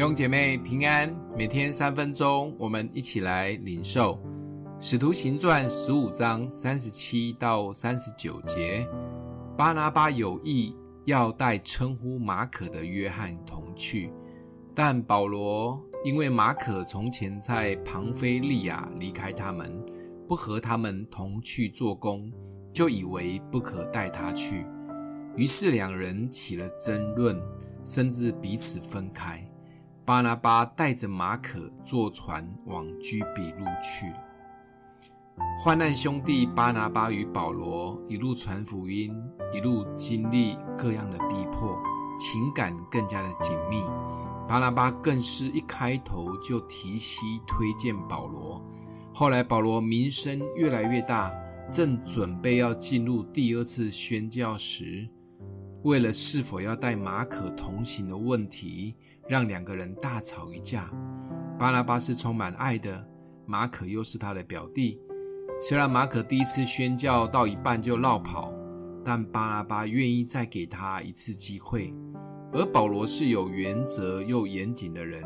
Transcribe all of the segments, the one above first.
弟兄姐妹平安，每天三分鐘，我們一起來領受《使徒行傳》十五章三十七到三十九節。巴拿巴有意要帶稱呼馬可的約翰同去，但保羅因為馬可從前在旁非利亞離開他們，不和他們同去做工，就以為不可帶他去，於是兩人起了爭論，甚至彼此分開。巴拿巴帶着馬可坐船往居比路去了。患難兄弟巴拿巴與保羅一路傳福音，一路經歷各樣的逼迫，情感更加的緊密。巴拿巴更是一開頭就提攜推薦保羅。後來保羅名聲越來越大，正準備要進入第二次宣教時。為了是否要帶馬可同行的問題，讓兩個人大吵一架。巴拿巴是充滿愛的，馬可又是他的表弟。雖然馬可第一次宣教到一半就落跑，但巴拿巴願意再給他一次機會。而保羅是有原則又嚴謹的人，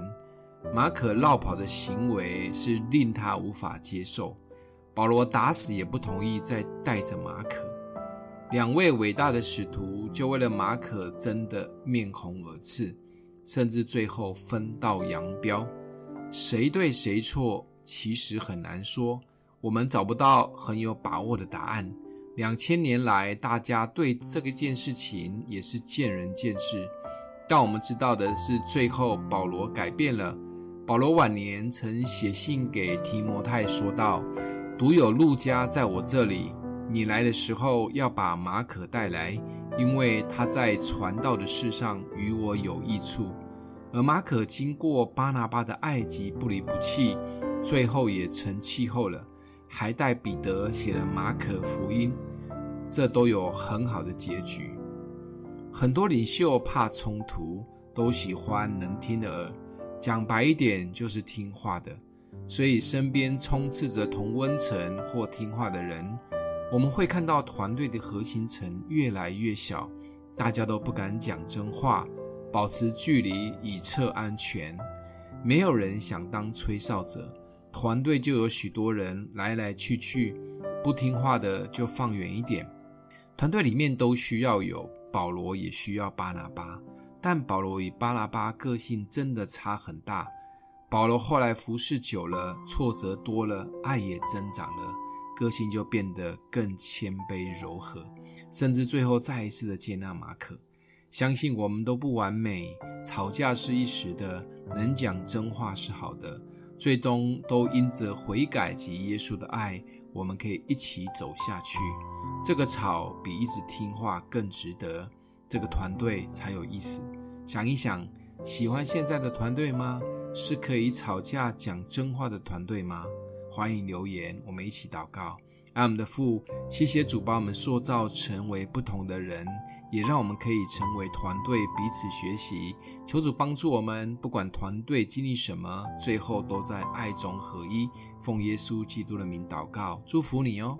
馬可落跑的行為是令他無法接受。保羅打死也不同意再帶着馬可。兩位偉大的使徒就為了馬可爭得面紅耳赤，甚至最後分道揚鑣。誰對誰錯，其實很難說。我們找不到很有把握的答案。兩千年來，大家對這個件事情也是見仁見智。但我們知道的是，最後保羅改變了。保羅晚年曾寫信給提摩太，說道：“獨有路加在我這裡。”你來的時候要把馬可帶來，因為他在傳道的事上與我有益處。而馬可經過巴拿巴的愛及不離不棄，最後也成氣候了，還代彼得寫了馬可福音，這都有很好的結局。很多領袖怕衝突，都喜歡能聽得耳，講白一點就是聽話的，所以身邊充斥着同溫層或聽話的人。我們會看到團隊的核心層越來越小，大家都不敢講真話，保持距離以策安全。沒有人想當吹哨者，團隊就有許多人來來去去，不聽話的就放遠一點。團隊裡面都需要有保羅，也需要巴拿巴，但保羅與巴拿巴個性真的差很大。保羅後來服侍久了，挫折多了，愛也增長了。個性就變得更謙卑柔和，甚至最後再一次的接納馬可。相信我們都不完美，吵架是一時的，能講真話是好的。最終都因着悔改及耶穌的愛，我們可以一起走下去。這個吵比一直聽話更值得，這個團隊才有意思。想一想，喜歡現在的團隊嗎？是可以吵架講真話的團隊嗎？歡迎留言，我們一起禱告。愛我們的父，謝謝主，把我們塑造成為不同的人，也讓我們可以成為團隊，彼此學習。求主幫助我們，不管團隊經歷什麼，最後都在愛中合一。奉耶穌基督的名禱告，祝福你哦。